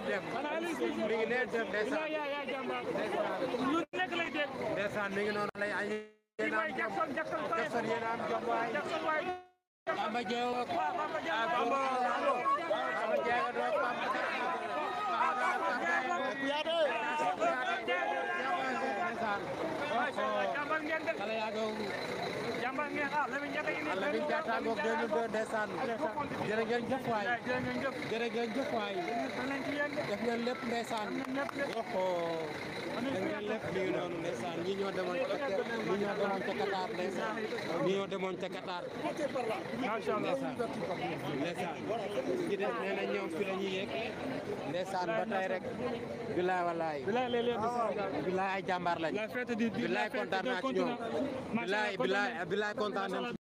nee dem. mi ngi nee dem ndeysaan. lu nekk lay dégg. ndeysaan mi ngi noonu lay añi. yéen a am Jackson Jackson yéen a am jom waay. Bamba Dieng ak Bamba Bamba Dieng ak Bamba Dieng ak Bamba Ah, Lamine Diatta ngoog 2002 ndeysaan jërë ngeen jëf waay jërë ngeen jëf waay def ngeen lépp ndeysaan waxo def ngeen lépp mi ngi noonu ndeysaan ñi ñoo demoon ñi ñoo demoon ca Qatar ndeysaan ñi ñoo demoon ca Qatar macha allah ndeysaan ndeysaan ñi def nee na ñoom fi la ñuy yegg ndeysaan ba tey rek bilaay walaay bilaay ay jàmbaar lañ bilaay kontaan naa ci